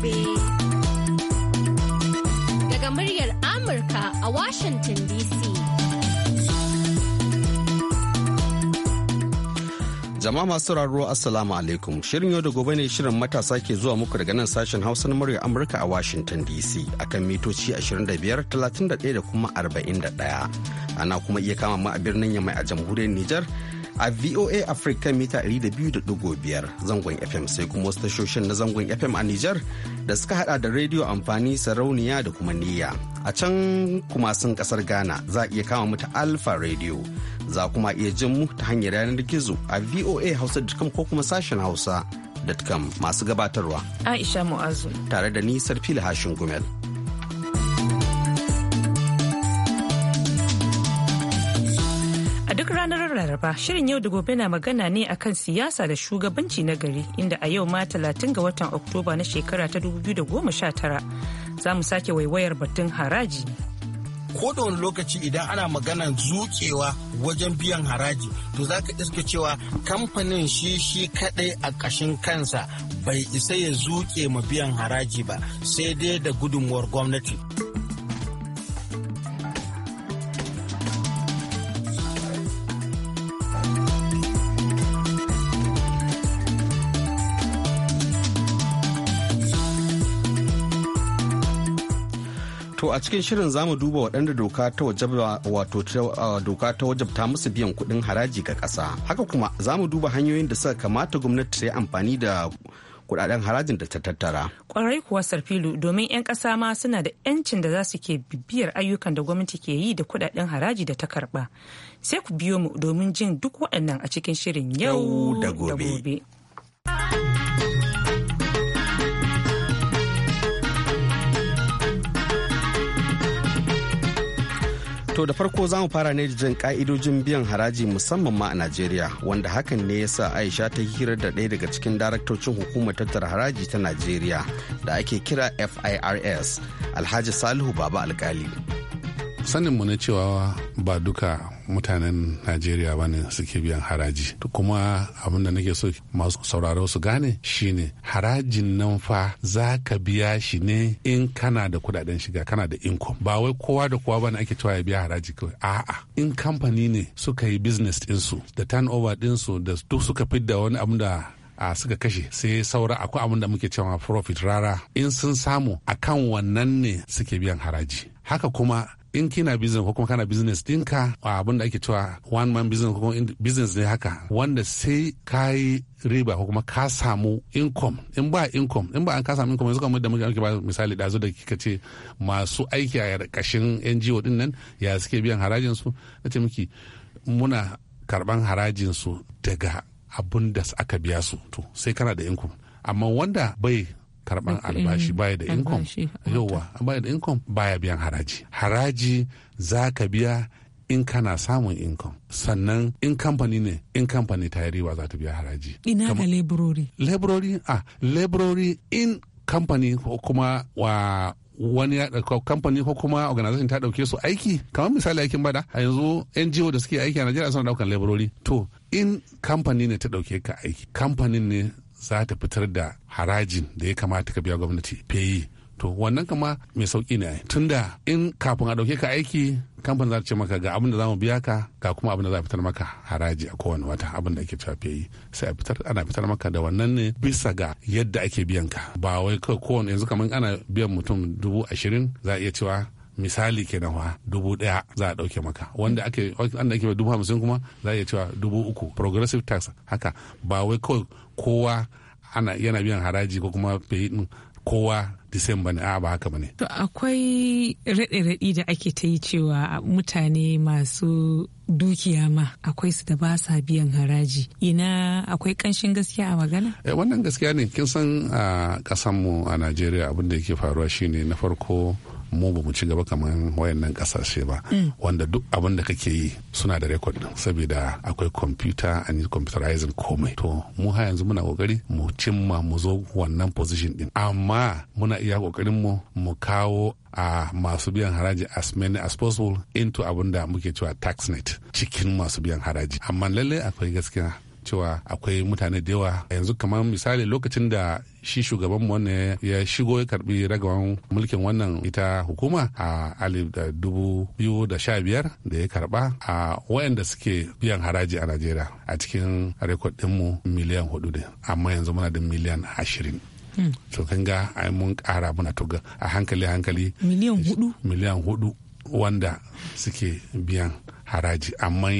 gobe. Daga muryar Amurka a Washington DC. Jama'a masu sauraro Assalamu alaikum. Shirin yau da gobe ne shirin matasa ke zuwa muku daga nan sashen Hausa na muryar Amurka a Washington DC akan mitoci 25, 31 da kuma 41. Ana kuma iya kama mu a birnin Yamai a jamhuriyar Nijar a VOA Africa mita 200.5 zangon FM sai kuma wasu tashoshin na zangon FM a Nijar da suka hada da rediyo amfani sarauniya da kuma niyya. A can kuma sun kasar Ghana za iya kama mu ta Alpha Radio. Za kuma iya jin mu ta hanyar yanar gizo a VOA Hausa.com ko kuma sashen Hausa. masu gabatarwa Aisha Mu'azu tare da ni Sarfila Hashin Gumel. duk ranar laraba shirin yau da gobe na magana ne akan siyasa da shugabanci na gari inda a yau ma 30 ga watan oktoba na shekara ta 2019 za mu sake waiwayar batun haraji ko da wani lokaci idan ana maganan zukewa wajen biyan haraji to za ka iska cewa kamfanin shi shi kadai a kashin kansa bai isa ya zuke ma biyan haraji ba sai dai da gudunmuwar gwamnati. To a cikin shirin zamu mu duba waɗanda doka ta wato doka ta wajabta musu biyan kuɗin haraji ga ƙasa. Haka kuma zamu duba hanyoyin da suka kamata gwamnati ta yi amfani da kuɗaɗen harajin da ta tattara. Kwarai kuwa sarfilu domin 'yan ƙasa ma suna da 'yancin da za su ke bibiyar ayyukan da gwamnati ke yi da kuɗaɗen haraji da ta karɓa. Sai ku biyo mu domin jin duk waɗannan a cikin shirin yau da gobe. To da farko za mu fara ne jin ka'idojin biyan haraji musamman ma a Najeriya wanda hakan ne yasa Aisha ta hirar da ɗaya daga cikin daraktocin hukumar tattara haraji ta Najeriya da ake kira FIRS Alhaji Salihu Baba Alkali. Sanin mu na cewa ba duka mutanen najeriya bane suke biyan haraji kuma abin da nake so masu sauraro su gane shine harajin nan fa za ka biya shi ne in kana da kudaden shiga kana da inkom ba wai kowa da kowa bane ake cewa ya biya haraji kawai a'a in kamfani ne suka yi business dinsu da turnover dinsu da duk suka fidda wani abin da a suka kashe sai saura akwai abin da muke cewa profit rara in sun samu akan wannan ne suke biyan haraji haka kuma in kina business ko kuma kana business dinka A abin da ake cewa one man business ko business ne haka wanda sai ka yi riba ko kuma ka samu income in ba income in ba an ka samu income yanzu kamar da muke ba misali dazu da kika ce masu aiki a ƙashin NGO din nan ya suke biyan harajin su nace miki muna karban harajin su daga abun da aka biya su to sai kana da income amma wanda bai karban albashi eh, baya da income yauwa baya da income baya biyan haraji haraji za ka biya in kana samun income sannan in kamfani ne in kamfani ta yi riba za ta biya haraji ina ga laborori laborori ah laborori in kamfani ko kuma wa wani ya kamfani ko kuma organization ta ɗauke su aiki kamar misali aikin bada a yanzu NGO da suke aiki a Najeriya suna ɗaukan laborori to in kamfani ne ta ɗauke ka aiki kamfanin ne za ta fitar da harajin da ya kamata ka biya gwamnati peyi to wannan kama mai sauki ne tunda in kafin a dauke ka aiki kamfanin za ta ce maka ga abin da za mu biya ka ga kuma abin da za a fitar maka haraji a kowane wata abin da ake cewa yi sai a fitar ana fitar maka da wannan ne bisa ga yadda ake biyan ka ba wai kai kowane yanzu kamar ana biyan mutum dubu ashirin za a iya cewa misali kenan wa dubu daya za a dauke maka wanda ake wanda ake dubu hamsin kuma za a iya cewa dubu uku progressive tax haka ba wai kawai kowa ana yana biyan haraji ko kuma kowa disemba ne a ba haka bane to akwai raɗe-raɗi da ake ta yi cewa mutane masu dukiya ma akwai su da ba sa biyan haraji ina akwai ƙanshin gaskiya a magana eh wannan gaskiya ne kin san a ah, mu a najeriya abin da yake faruwa shine na farko mu ba mu ci gaba kamar wayannan kasashe ba mm. wanda duk abin da kake yi suna da rekod din saboda akwai computer and computerizing komai to mu ha yanzu muna kokari mu cimma mu zo wannan position din amma muna iya kokarin mu mu kawo a masu biyan haraji as many as possible into abin da muke cewa tax net cikin masu biyan haraji amma lalle akwai gaskiya cewa akwai mutane da yawa yanzu kamar misali lokacin da shi shugaban mu wannan ya shigo ya karbi ragawan mulkin wannan ita hukuma a alif da dubu biyu da sha biyar da ya karba a wayanda suke biyan haraji a najeriya a cikin rekod mu. miliyan hudu ne amma yanzu muna da miliyan ashirin hmm. to kan ga ai mun kara muna tuga a hankali hankali miliyan hudu miliyan hudu wanda suke biyan haraji amma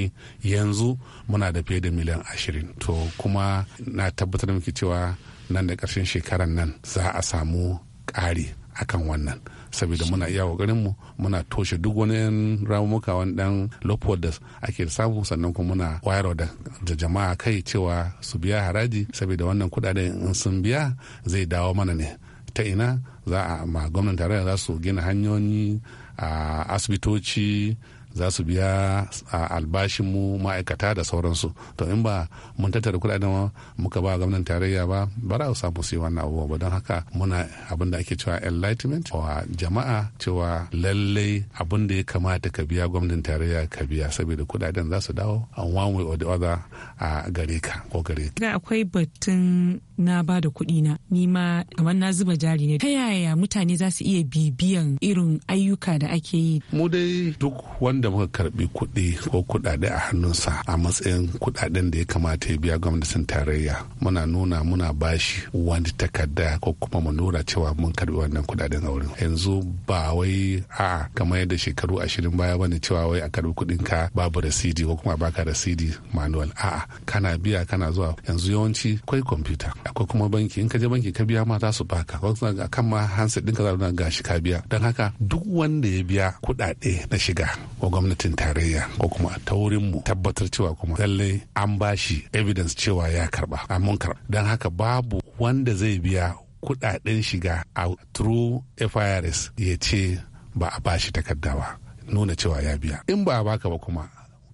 yanzu muna da fiye da miliyan ashirin to kuma na tabbatar muke cewa nan da ƙarshen shekaran nan za a samu ƙari akan wannan saboda muna iya mu muna toshe duk wani ramuka wani dan lopod da ake samu sannan kuma muna wayarwa da jama'a kai cewa su biya haraji saboda wannan kuɗaɗen in sun biya zai dawo mana ne ta ina za a ma gwamnan tarayya za su gina hanyoyi a asibitoci za su biya albashin mu ma'aikata da sauransu to in ba mun tattara kudaden muka ba gwamnan tarayya ba ba za su samu su yi wannan abubuwa ba don haka muna abin da ake cewa enlightenment wa jama'a cewa lallai abin da ya kamata ka biya gwamnan tarayya ka biya saboda kudaden za su dawo an one way or the other a gare ka ko gare ka akwai batun na ba da kuɗi na ni ma kamar na zuba jari ne ta yaya mutane za su iya bibiyan irin ayyuka da ake yi mu dai duk wanda da muka karbi kuɗi ko kuɗaɗe a hannunsa a matsayin kuɗaɗen da ya kamata ya biya gwamnatin tarayya muna nuna muna bashi wani takarda ko kuma mu nura cewa mun karbi wannan kuɗaɗen a wurin yanzu ba wai a kamar yadda shekaru ashirin baya bane cewa wai a karbi kuɗin ka babu rasidi ko kuma baka rasidi manual a'a kana biya kana zuwa yanzu yawanci akwai kwamfuta akwai kuma banki in ka je banki ka biya ma za su baka A kan ma hansa ɗinka za ga ka biya don haka duk wanda ya biya kuɗaɗe na shiga ko gwamnatin tarayya ko kuma ta mu tabbatar cewa kuma lallai an bashi evidence cewa ya karba mun karba don haka babu wanda zai biya kudaden shiga a true firs ya ce ba a bashi takarda ba nuna cewa ya biya in ba a baka ba kuma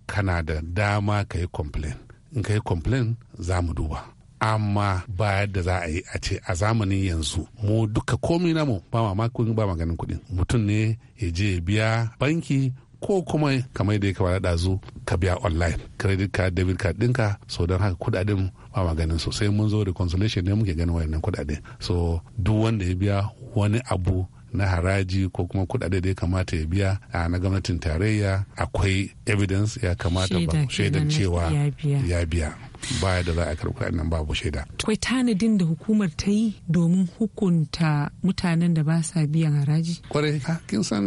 kana da dama ka yi complain in ka yi complain za mu duba amma ba da za a yi a ce a zamanin yanzu mu duka komi namu ba mamakon ba maganin kuɗi mutum ne ya je biya banki ko kuma kamar da ya kamar ɗazu ka biya online credit card debit card ɗinka so don haka kudaden ba maganin so sai mun zo consolation ne muke ganin wayannan kuɗaɗe so duk wanda ya biya wani abu na haraji ko kuma kudade da ya kamata ya biya a na gwamnatin tarayya akwai evidence ya kamata ba shaidan cewa ya biya baya da za a karɓi kuɗaɗen nan babu shaida. Akwai tanadin da hukumar ta yi domin hukunta mutanen da ba sa biyan haraji? Kwarai, kin san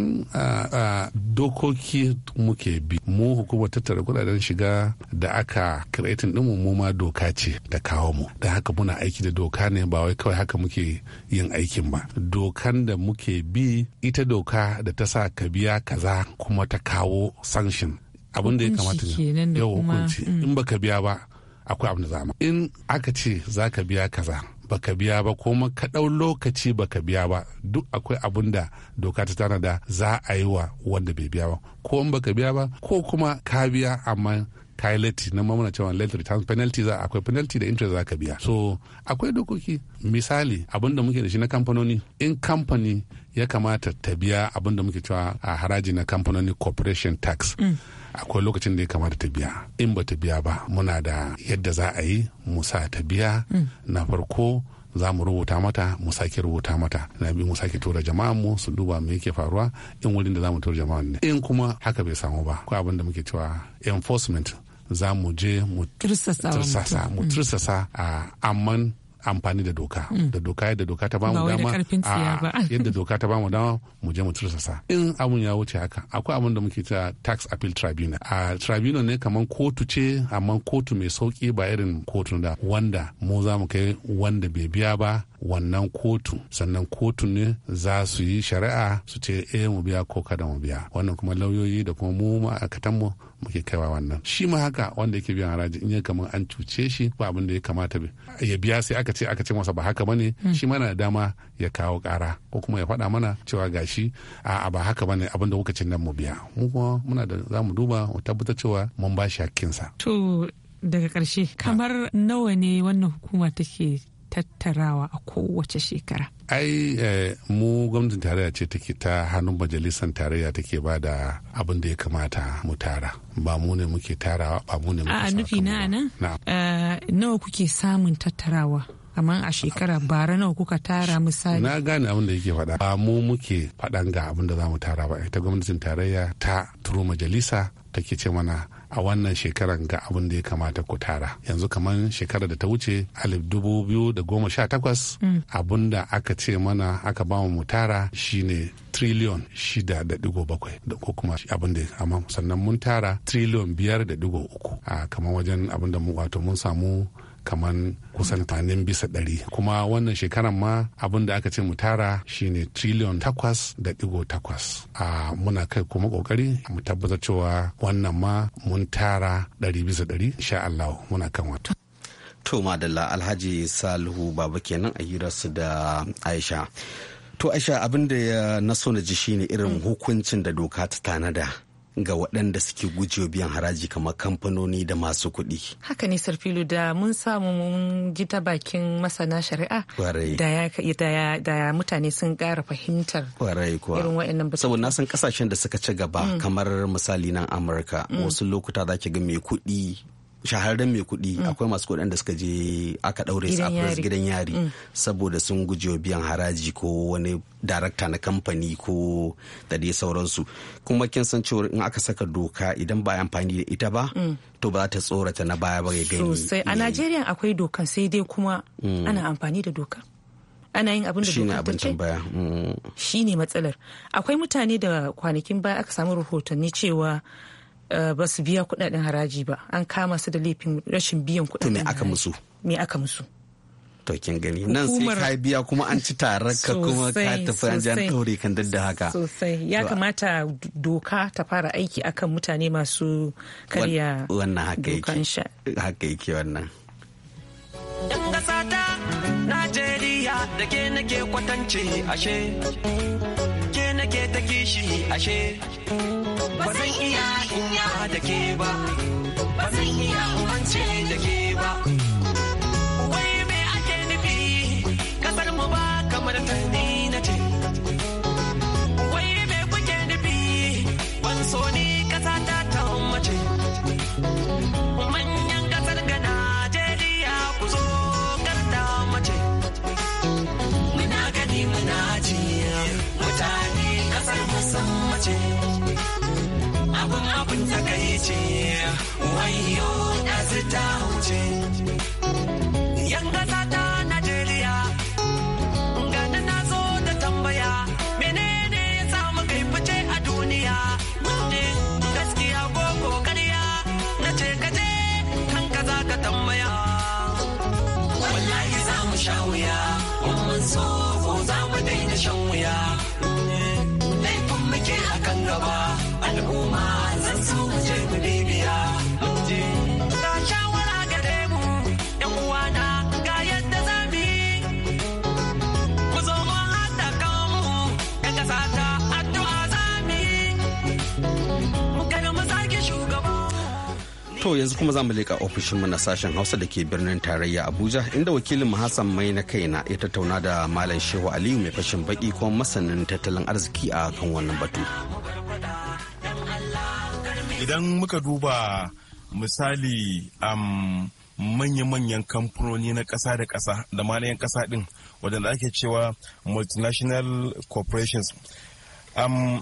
dokoki muke bi. Mu hukumar tattara kuɗaɗen shiga da aka kiraitin ɗinmu mu ma doka ce da kawo mu. Da haka muna aiki da doka ne ba wai kawai haka muke yin aikin ba. Dokan da muke bi ita doka da ta sa ka biya kaza kuma ta kawo sanction abin da ya kamata yau hukunci mm. in baka biya ba akwai abin da za in aka ce za ka biya kaza ba ka biya ba ko ka ɗau lokaci baka biya ba duk akwai abin da doka ta tanada za a yi wa wanda bai biya ba ko in baka biya ba ko kuma ka biya amma kayi leti na mamana cewa late return penalty za akwai penalty da interest za ka biya so akwai dokoki misali abin da muke da shi na kamfanoni in kamfani ya kamata ta biya abin da muke cewa a haraji na kamfanoni corporation tax mm. akwai lokacin da ya kamata ta biya in ba ta biya ba muna da yadda za a yi musa ta biya mm. na farko za mu rubuta mata mu sake rubuta mata na biyu mu sake tura jama'an mu su duba me yake faruwa in wurin da za mu tura jama'a ne in kuma haka bai samu ba ko abin da muke cewa enforcement za mu je mu tursasa mu tursasa a amman amfani da doka mm. da doka yadda doka ta bamu dama a yadda doka ta bamu dama mu je mu tursasa in mm. abun ya wuce haka akwai abun da muke ta tax appeal tribunal a tribunal ne kamar kotu ce amma kotu mai sauki ba irin kotu da wanda mu za mu kai wanda bai biya ba wannan kotu sannan kotu ne za su yi shari'a su ce eh mu biya ko kada mu biya wannan kuma lauyoyi da kuma mu ma'aikatan mu muke kaiwa wannan shi ma haka wanda yake biyan haraji in ya kamar an cuce shi ba abin da ya kamata ya biya sai aka ce aka ce masa ba haka bane hmm. shi mana da dama ya kawo kara ko kuma ya faɗa mana cewa gashi a ba haka bane abin da kuka ce nan mu biya mu kuma muna da za mu duba mu tabbatar cewa mun ba shi hakkinsa to daga ƙarshe kamar nawa ne wannan hukuma take tattarawa a kowace shekara. Ai eh, mu gwamnatin tarayya ce take ta hannun majalisar tarayya take ba da abin da ya kamata mu tara. Ba mu ne muke tarawa ba mu ne muke A nufi na nan? Nawa kuke samun tattarawa? amma a shekara bara nawa kuka tara misali na gane abin da yake faɗa ba mu muke faɗan ga abin da za mu tara ba ita gwamnatin tarayya ta turo majalisa take ce mana a wannan shekaran ga abin da ya kamata ku tara yanzu kamar shekarar da ta wuce alif dubu biyu da goma sha takwas mm. abin da aka ce mana aka ba mu tara shine triliyon shida da digo bakwai da ko kuma abin da amma sannan mun tara triliyon biyar da digo uku a kamar wajen abin da mu wato mun samu kamar kusan tanin bisa ɗari kuma wannan shekaran ma abin da aka ce mu tara shine triliyon takwas da ɗigo takwas a muna kai kuma kokari mu tabbatar cewa wannan ma mun tara ɗari bisa ɗari sha Allah muna kan wata To madalla Alhaji Salihu Baba kenan a hirarsu da Aisha. To Aisha abin da na so na ji shine irin hukuncin da doka ta tanada. ga waɗanda suke gujewa biyan haraji kamar kamfanoni da masu kuɗi. Haka ne Sarfilu da mun samu mun ji ta bakin masana shari'a da ya mutane sun ƙara fahimtar irin waɗannan Saboda nasan kasashen da suka ci gaba mm. kamar misali nan Amurka mm. wasu lokuta za ga mai kuɗi shahararren mai kuɗi mm. akwai masu kuɗin da suka je aka ɗaure su a gidan yari mm. saboda sun gujewa biyan haraji ko wani darakta na kamfani ko da dai sauransu kuma kin san cewa in aka saka doka idan ba amfani da ita ba mm. to ba ta tsorata na baya ba ya gani sosai a najeriya akwai doka sai dai kuma ana amfani da doka ana yin abin da doka ta ce shi ne matsalar akwai mutane da kwanakin baya aka samu rahotanni cewa Eh, ba su biya kudaden haraji ba an kama su da laifin rashin biyan kudaden haraji. aka musu? Me aka musu? to kin gani nan sai ka biya kuma an ci tarar ka kuma ka tafi an jan taure kan dadda haka sosai ya kamata doka ta fara aiki akan mutane masu karya wannan haka yake haka yake wannan yan ƙasa ta Najeriya da ke nake kwatance ashe take ta kishi ashe ba zan iya inya da ke ba ba zan iya umance da ke ba wai me ake nufi kasar mu ba kamar ta abun abun ta kai ce wayo na su ta wuce yan gasa ta najeriya gani na zo da tambaya menene ya samu kai fice a duniya gaskiya ko kokariya na ce kaje kan ka za ka tambaya wallahi za mu sha wuya mun so al'umma zan su mu To yanzu kuma za mu leƙa ofishinmu na sashen Hausa da ke birnin tarayya Abuja inda wakilin Hassan Mai na kai na ya tattauna da Malam Shehu Aliyu mai fashin baki kuma masanin tattalin arziki a kan wannan batu. idan muka duba misali um, manya-manyan kamfanoni na ƙasa da ƙasa da ƙasa ɗin wadanda ake cewa multinational corporations um,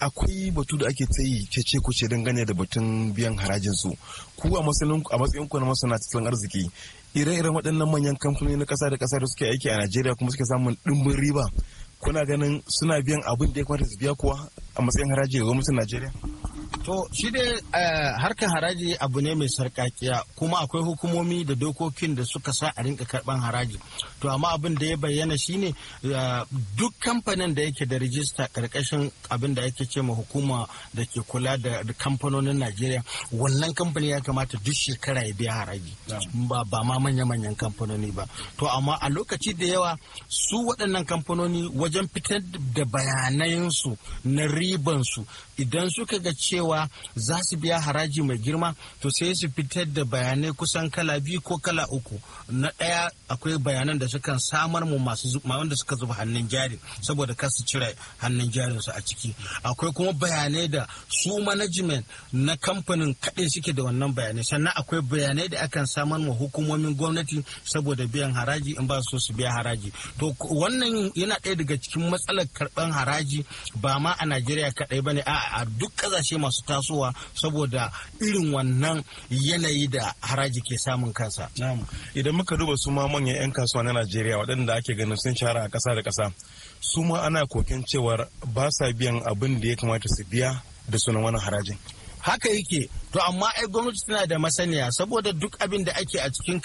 akwai batu da ake ta yi cece kuce dangane da batun biyan harajin su ku a matsayin ku na masana tattalin arziki ire-iren waɗannan manyan kamfanoni na ƙasa da ƙasa da suke aiki a najeriya kuma suke samun ɗimbin riba kuna ganin suna biyan abin da ya kwata su biya kuwa a matsayin haraji ga gwamnatin najeriya to shi dai eh, harkar haraji abu ne mai sarkakiya kuma akwai hukumomi da dokokin da suka sa a rinka karban haraji to amma abin da ya bayyana shi ne eh, duk kamfanin da yake da rijista karkashin abin da ake ce ma hukuma da ke kula da kamfanonin najeriya wannan kamfani ya kamata duk shekara ya biya haraji ba ma manya-manyan kamfanoni ba to amma a lokaci da yawa su waɗannan kamfanoni wajen fitar da bayanansu na ribansu idan suka ga cewa za su biya haraji mai girma to sai su fitar da bayanai kusan kala biyu ko kala uku na ɗaya akwai bayanan da sukan samar mu masu wanda suka zuba hannun jari saboda kar su cire hannun jarinsu a ciki akwai kuma bayanai da su management na kamfanin kaɗai suke da wannan bayanai sannan akwai bayanai da akan samar mu hukumomin gwamnati saboda biyan haraji in ba su su biya haraji to wannan yana ɗaya daga cikin matsalar karɓan haraji ba ma a najeriya kaɗai ba ne a a duk ƙasashe masu tasowa saboda irin wannan yanayi da haraji ke samun kansa. Idan muka duba su ma manyan 'yan kasuwa na Najeriya waɗanda ake ganin sun shahara a ƙasa da ƙasa su ma ana koken cewar ba sa biyan abin da ya kamata su biya da sunan wani harajin. haka yake to amma ai gwamnati tana da masaniya saboda duk abin da ake a cikin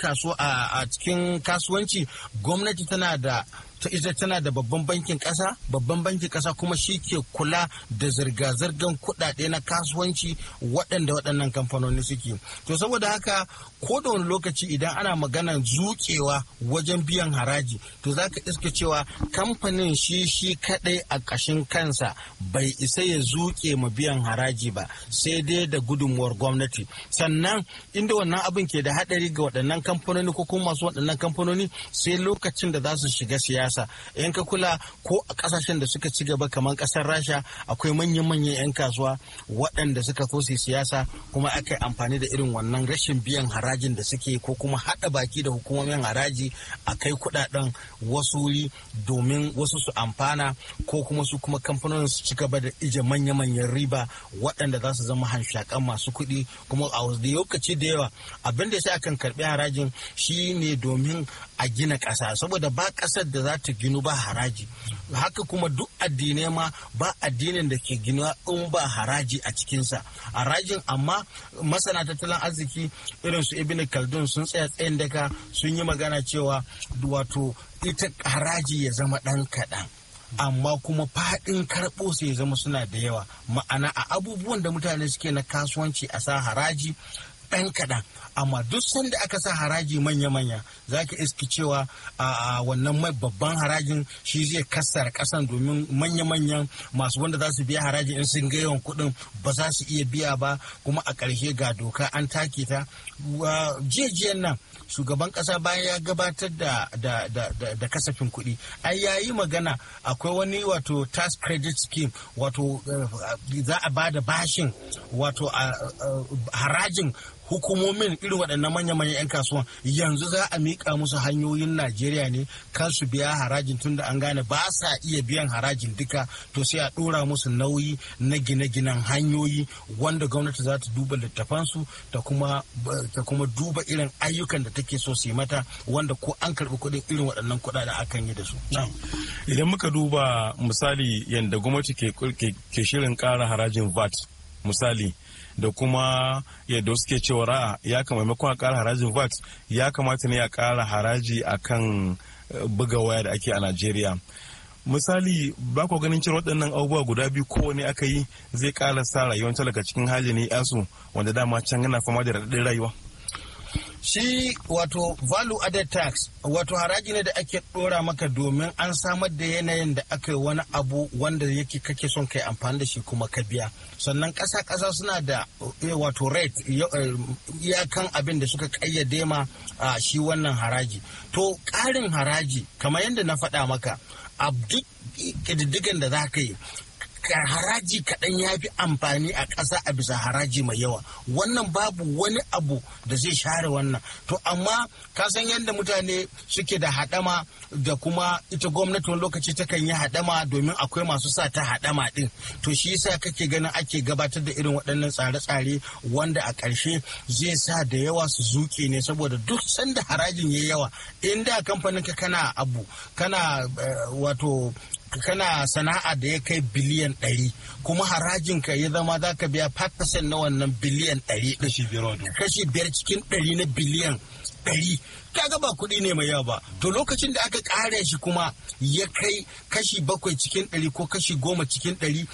kasuwanci gwamnati tana da to ita tana da babban bankin ƙasa babban bankin ƙasa kuma shi ke kula da zirga zirgan kuɗaɗe na kasuwanci waɗanda waɗannan kamfanoni suke to saboda haka ko da wani lokaci idan ana magana zuƙewa wajen biyan haraji to za ka iska cewa kamfanin shi shi kaɗai a ƙashin kansa bai isa ya zuke ma biyan haraji ba sai dai da gudunmuwar gwamnati sannan inda wannan abin ke da haɗari ga waɗannan kamfanoni ko kuma masu waɗannan kamfanoni sai lokacin da za su shiga siyasa in ka kula ko a ƙasashen da suka ci gaba kamar ƙasar rasha akwai manyan-manyan 'yan kasuwa waɗanda suka kosi siyasa kuma aka yi amfani da irin wannan rashin biyan haraji harajin da suke ko kuma haɗa baki da hukumomin haraji a kai kuɗaɗen wasu wuri domin wasu su amfana ko kuma su kuma kamfanonin su ci gaba da ije manya-manyan riba waɗanda za su zama hanshakan masu kuɗi kuma a lokaci da yawa abin da sai akan karɓi harajin shi ne domin a gina ƙasa saboda ba ƙasar da za ta ginu ba haraji haka kuma duk addinai ma ba addinin da ke ginuwa in ba haraji a cikinsa harajin amma masana tattalin arziki irin su ibn Kaldun sun tsaya tsayin daga sun yi magana cewa wato ita haraji ya zama ɗan kaɗan amma kuma faɗin karɓo sai ya zama suna da yawa ma'ana a abubuwan da mutane suke na kasuwanci a sa haraji ɗan kaɗan amma duk sanda aka sa haraji manya-manya za ka iski cewa a wannan mai babban harajin shi zai kasar kasan domin manya-manyan masu wanda za su biya haraji in sun ga yawan kuɗin ba za su iya biya ba kuma a ƙarshe ga doka an take ta jiya nan shugaban ƙasa bayan ya gabatar da da kasafin kuɗi ai ya yi magana akwai wani wato tax credit scheme wato eh, za a ba da bashin wato harajin hukumomin irin waɗannan manya-manyan 'yan kasuwan yanzu za a mika musu hanyoyin najeriya ne kan su biya harajin tun da an gane ba sa iya biyan harajin duka to sai a ɗora musu nauyi na gine-ginen hanyoyi wanda gwamnati za ta duba littafansu ta kuma duba irin ayyukan da take so su yi mata wanda ko an karɓi kuɗin irin waɗannan kuɗaɗen akan yi da su. idan muka duba misali yadda gwamnati ke shirin ƙara harajin vat misali da kuma yadda suke cewa ra'a ya kama maimakon a kara harajin vat ya kamata ne a kara haraji a kan eh, buga waya da ake a najeriya misali ba ku ganin cewa waɗannan abubuwa guda biyu ko kowane aka yi zai ƙara sa rayuwar talaka cikin hali ne yasu wanda dama can yana fama da raɗaɗin rayuwa Shi wato value added tax wato haraji ne da ake ɗora maka domin an samar da yanayin da aka yi wani abu wanda yake kake son kai amfani da shi kuma ka biya. Sannan ƙasa kasa suna da eh, wato rate eh, iyakan abin da suka kayyade ma a shi wannan haraji. To ƙarin haraji kamar yadda na faɗa maka a duk ƙididdigan da za ka yi haraji kaɗan ya fi amfani a ƙasa a bisa haraji mai yawa wannan babu wani abu da zai share wannan to amma ka san yadda mutane suke da haɗama da kuma ita gwamnati wani lokaci takan yi haɗama domin akwai masu sa ta haɗama ɗin to shi yasa kake ganin ake gabatar da irin waɗannan tsare-tsare wanda a ƙarshe zai sa da yawa su zuke ne saboda duk sanda harajin ya yawa in da kamfanin ka kana abu kana eh, wato kana sana'a da ya kai biliyan ɗari kuma harajin ka ya zama za ka biya fakasin na wannan biliyan ɗari kashi biyar cikin ɗari na biliyan ɗari ga ba kuɗi ne mai yawa ba to lokacin da aka ƙara shi kuma ya kai kashi bakwai cikin ɗari ko kashi goma cikin ɗari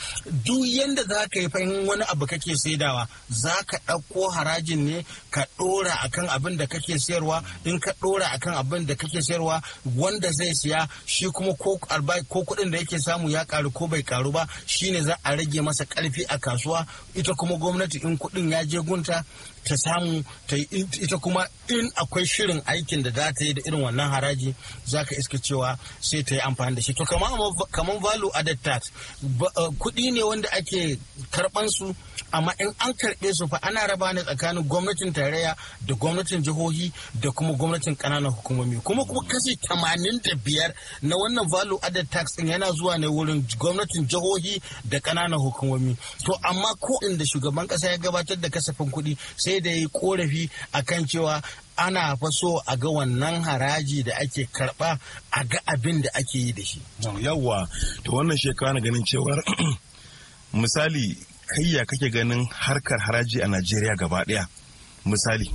duk yadda za ka yi fahim wani abu kake saidawa za ka ɗauko harajin ne ka ɗora akan abin da kake sayarwa in ka ɗora akan abin da kake sayarwa wanda zai siya shi kuma ko kuɗin da yake samu ya ƙaru ko bai ƙaru ba shine za a rage masa ƙarfi a kasuwa ita kuma gwamnati in kuɗin ya je gunta ta samu ta ita kuma in akwai shirin aikin da za ta yi da irin wannan haraji za ka iska cewa sai ta yi amfani da shi to kamar value added tax eh, kuɗi ne wanda ake karɓan su amma in an karɓe su fa ana raba ne tsakanin gwamnatin tarayya da gwamnatin jihohi da kuma gwamnatin ƙananan hukumomi kuma kuma kashi tamanin da biyar na wannan value added tax ɗin yana zuwa ne wurin gwamnatin jihohi da ƙananan hukumomi to amma ko inda shugaban ƙasa ya gabatar da kasafin kuɗi sai da ya korafi a kan cewa ana faso a ga wannan haraji da ake karba a ga abin da ake yi da shi. Yawwa, to wannan shekara na ganin cewar misali kayya kake ganin harkar haraji a Najeriya gaba daya Misali.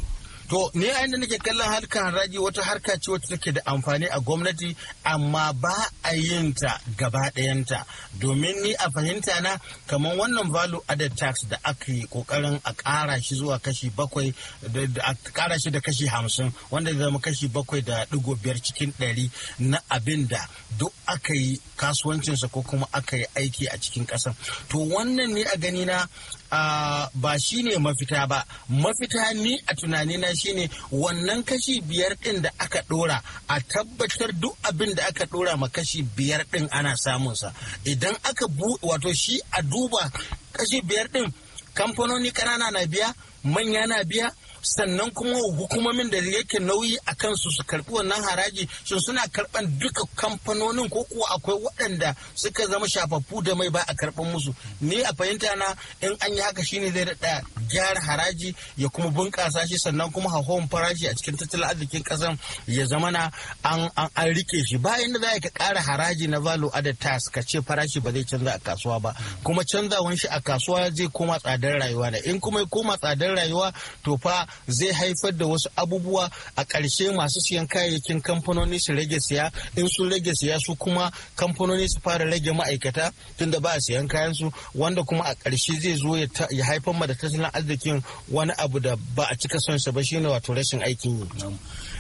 To ni a inda nake kallon harkar haraji wata harka ce wata take da amfani a gwamnati amma ba a yin ta gaba ɗayanta domin ni a fahimta na kamar wannan value added tax da aka yi kokarin a ƙara shi zuwa kashi bakwai da ƙara shi da kashi hamsin wanda ya zama kashi bakwai da ɗigo biyar cikin ɗari na abin da duk aka yi kasuwancinsa ko kuma aka yi aiki a cikin ƙasan. To wannan ne a gani na ah, ba shi ne mafita ba mafita ni a tunanina shine wannan kashi biyar ɗin da aka ɗora a tabbatar duk abin da aka ɗora ma kashi biyar ɗin ana samunsa idan aka bu wato shi a duba kashi biyar ɗin kamfanoni ƙanana na biya manya na biya sannan kuma hukumomin da yake nauyi a kansu su karbi wannan haraji shin suna karban duka kamfanonin ko kuwa akwai waɗanda suka zama shafaffu da mai ba a karban musu ni a fahimta na in an yi haka shine zai daɗa gyara haraji ya kuma bunƙasa shi sannan kuma hahon farashi a cikin tattalin arzikin ƙasar ya zama na an an rike shi bayan da za ka ƙara haraji na valo added tax ka ce farashi ba zai canza a kasuwa ba kuma canzawan shi a kasuwa zai koma tsadar rayuwa da in kuma ya koma tsadar rayuwa to fa zai haifar da wasu abubuwa a ƙarshe masu siyan kayayyakin kamfanoni su rage siya in sun rage siya su kuma kamfanoni su fara rage ma'aikata tunda ba a siyan kayansu wanda kuma a ƙarshe zai zo ya haifar ma da tattalin arzikin wani abu da ba a cika son sa ba shine wato rashin aikin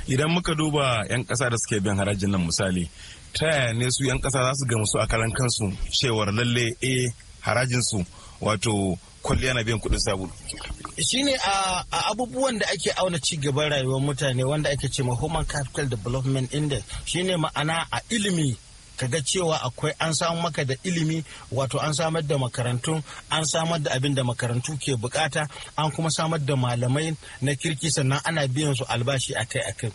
yi idan muka duba 'yan ƙasa da suke bin harajin nan misali ta yaya ne su 'yan ƙasa za su gamsu a kalan kansu cewar lalle eh, harajin su wato kwalliya na biyan kuɗin sabulu. ne a abubuwan da ake auna ci gaban rayuwar mutane wanda ake ce ma human capital development index shine ma'ana a ilimi ka ga cewa akwai an samu maka da ilimi wato an samar da makarantu an samar da abin da makarantu ke bukata an kuma samar da malamai na kirki sannan ana biyan su albashi a kai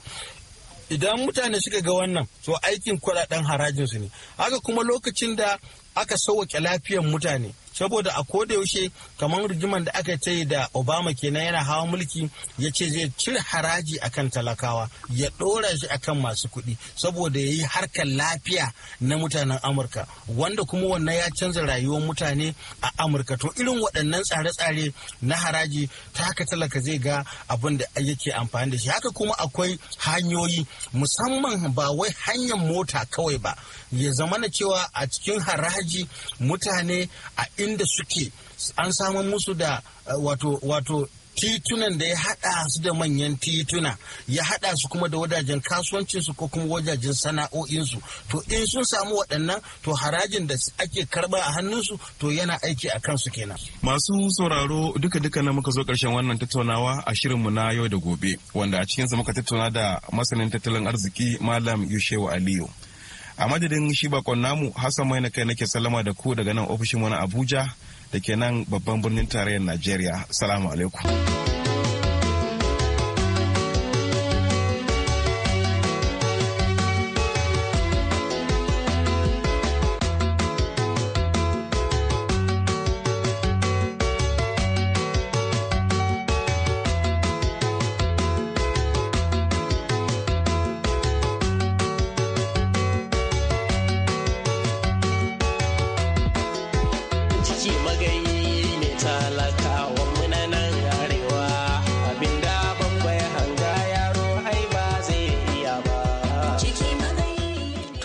idan mutane suka ga wannan to aikin harajin harajinsu ne haka kuma lokacin da aka sauwake lafiyan mutane saboda a koda yaushe kamar rigimar da aka ta da obama kenan yana hawa mulki ya ce zai cire haraji akan talakawa ya ɗora shi akan masu kuɗi saboda ya yi harkar lafiya na mutanen amurka wanda kuma wannan ya canza rayuwar mutane a amurka to irin waɗannan tsare-tsare na haraji ta haka talaka zai ga abin da yake amfani da shi haka kuma akwai hanyoyi musamman ba wai hanyar mota kawai ba ya zama na cewa a cikin haraji mutane a inda suke an samu musu da eh, wato wato titunan da ya hada su da manyan tituna ya hada su kuma da wadajen kasuwancinsu ko kuma wadajen sana'o'insu to in sun samu waɗannan to harajin da ake karba a hannunsu to yana aiki a kansu kenan masu sauraro duka duka na muka zo ƙarshen wannan tattaunawa a shirinmu na yau da gobe wanda a cikinsa muka tattauna da masanin tattalin arziki malam yushewa aliyu a madadin shi bakon namu hassan mai na kai nake sallama da ku daga nan ofishin wani abuja da ke nan babban birnin tarayyar najeriya salamu alaikum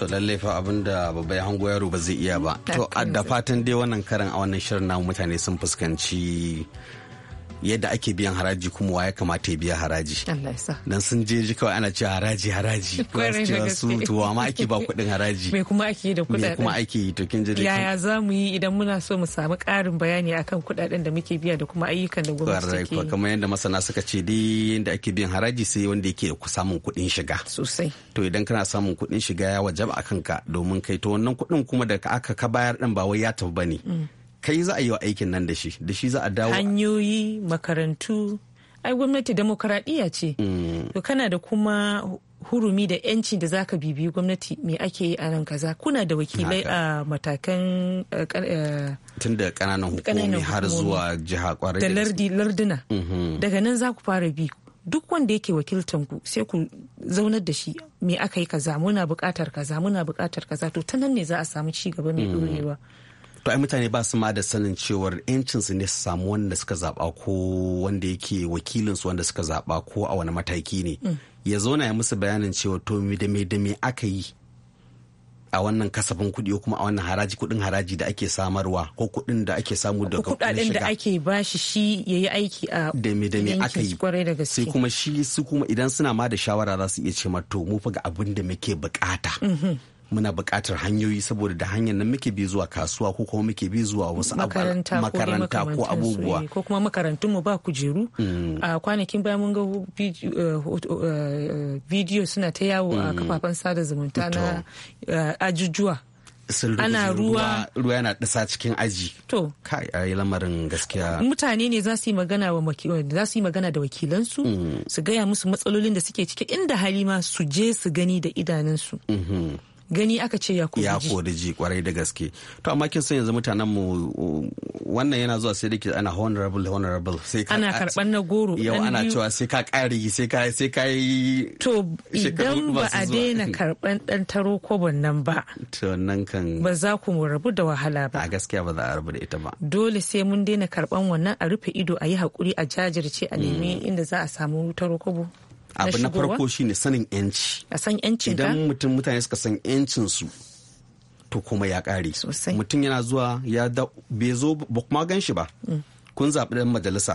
to lallai fa abin da hango yaro ba zai iya ba to da fatan dai wannan karan a wannan shirin na mutane sun fuskanci yadda ake biyan haraji kuma wa ya kamata ya biya haraji dan sun je ji kawai ana cewa haraji haraji cewa su to ma ake ba kuɗin haraji me kuma ake da kuɗaɗen me kuma ake yi to kin ji yaya za mu yi idan muna so mu samu ƙarin bayani akan kuɗaɗen da muke biya da kuma ayyukan da gwamnati take yi kamar yadda masana suka ce dai yadda ake biyan haraji sai wanda yake da samun kuɗin shiga sosai to idan kana samun kuɗin shiga ya wajaba akan ka domin kai to wannan kuɗin kuma da aka ka bayar din ba wai ya tafi bane mm. kai za a yi wa aikin nan da shi da shi za a dawo hanyoyi makarantu ai gwamnati demokaradiyya ce mm. to kana da kuma hurumi da yanci da zaka bibiyi gwamnati me ake yi a nan kaza kuna da wakilai a matakan eh, eh, tun da kananan hukumomi har zuwa jiha kwarai da lardi larduna mm-hmm. daga nan za ku fara bi duk wanda yake wakiltan ku sai ku zaunar da shi me aka yi kaza muna buƙatar kaza muna buƙatar kaza to ta nan ne za a samu ci gaba mai dorewa mm. to ai mutane ba su ma da sanin cewar su ne su samu wanda suka zaba ko wanda yake wakilinsu wanda suka zaba ko a wani mataki ne mm. ya zauna ya musu bayanin cewa to me da me aka yi a wannan kasafin kuɗi ko kuma a wannan haraji kuɗin haraji da ake samarwa ko kuɗin da ake samu daga kuɗin shiga. da ake ba shi ya yi aiki a da me aka yi sai kuma shi su kuma idan suna ma da shawara za su iya ce to mu fa ga abin da muke bukata. Mm-hmm. muna buƙatar hanyoyi saboda da hanyar nan muke bi zuwa kasuwa ko kuma muke bi zuwa wasu makaranta ko abubuwa eh, ko kuma makarantun mu ba kujeru mm. a kwanakin bayan mun ga bidiyo eh, eh, suna ta yawo a mm. kafafen sada zumunta na ajujuwa ana ruwa ruwa yana ɗasa cikin aji to kai a yi lamarin gaskiya mutane ne za su yi magana wa za su yi magana da wakilansu mm. su gaya musu matsalolin da suke ciki inda hali ma su je su gani da idanunsu mm-hmm. gani aka ce ya ya kori ji kwarai da gaske to amma kin san yanzu mutanen mu wannan yana zuwa sai dake ana honorable honorable sai ka ana karban na goro yau ana cewa sai ka kare sai ka sai ka yi to idan ba a daina karban dan taro kobon nan ba to nan kan ba za ku rabu da wahala ba a gaskiya ba za a rabu da ita ba dole sai mun daina karban wannan a rufe ido a yi hakuri a jajirce a nemi mm. inda za a samu taro kobo abu na farko shine sanin yanci a san yancin idan mutum mutane suka san yancin su to kuma ya kare mutum yana zuwa ya da bai zo ba kuma gan shi ba mm. kun zaɓi dan majalisa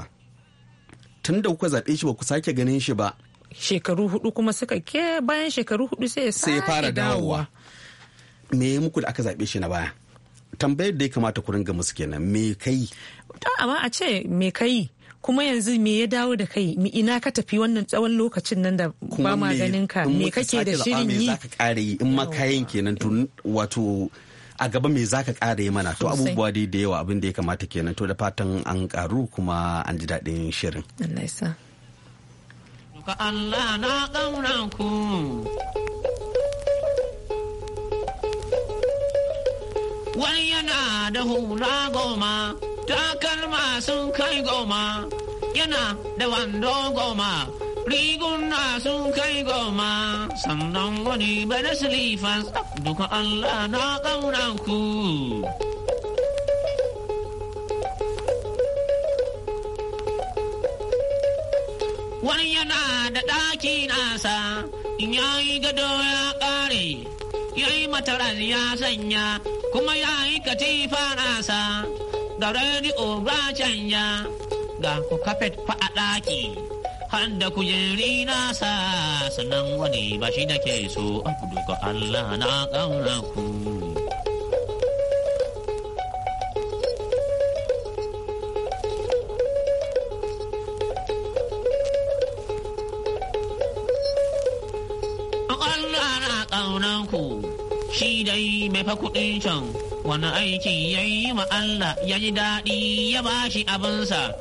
tun da kuka zaɓe shi ba ku sake ganin shi ba shekaru hudu kuma suka ke bayan shekaru hudu sai ya sai fara dawowa me ya muku da aka zaɓe shi na baya tambayar da ya kamata ku ringa musu kenan me kai amma a ce me kai kuma yanzu me ya dawo da kai ina ka tafi wannan tsawon lokacin nan da ba ma ganin ka me kake da shirin yi zaka kare in ma kenan to wato a gaba me zaka kare yi mana to abubuwa dai da yawa abin da ya kamata kenan to da fatan an karu kuma an ji daɗin shirin Allah ya sa Allah na ku wani yana da hula goma takalma sun kai goma yana da wando goma riguna sun kai goma sannan wani bada silifas duka Allah na ƙauna Wani yana da ɗaki nasa in yayi gado ya ƙare, yayi mataran ya sanya kuma yayi katifa nasa. ga rediyo ba ya ga ku kafet fa a ɗaki ku kujeri na sa sannan wani ba shi ke so a ga Allah na ƙauna ku. Allah na ku shi dai mai fa kuɗin can wani aiki ya yi ma Allah ya ji daɗi ya bashi abinsa,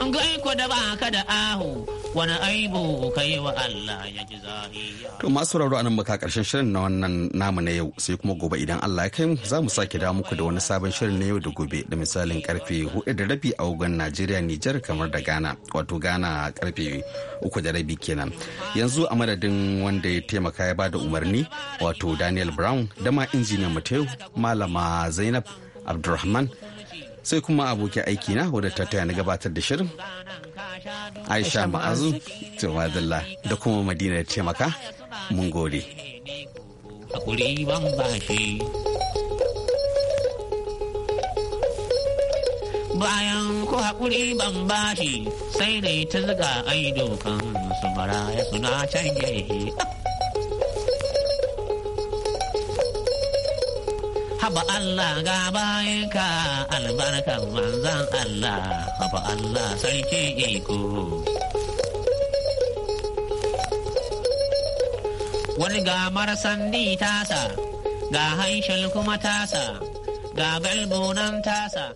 in ga da ba ka da aho. wani aibu yi wa Allah ya ji zahiya. To masu sauraro anan muka karshen shirin na wannan namu na yau sai kuma gobe idan Allah ya kai mu za mu sake da muku da wani sabon shirin na yau da gobe da misalin karfe 4 da rabi a ugan Najeriya Nijar kamar da Ghana wato Ghana karfe 3 da rabi kenan. Yanzu a madadin wanda ya taimaka ya bada umarni wato Daniel Brown da ma injiniyan Mateo Malama Zainab Abdulrahman sai kuma abokin aiki na wadda ta taya na gabatar da shirin Aisha Ma'azu Tawadalla da kuma Madina da taimaka mun gode. Bayan ku haƙuri ban bashi sai dai ta zuga aido dokan su maraya suna canje. haba Allah ga bayanka albarkar manzan Allah haba Allah sarki iko wani ga marasandi tasa ga haishal kuma tasa ga galbonan tasa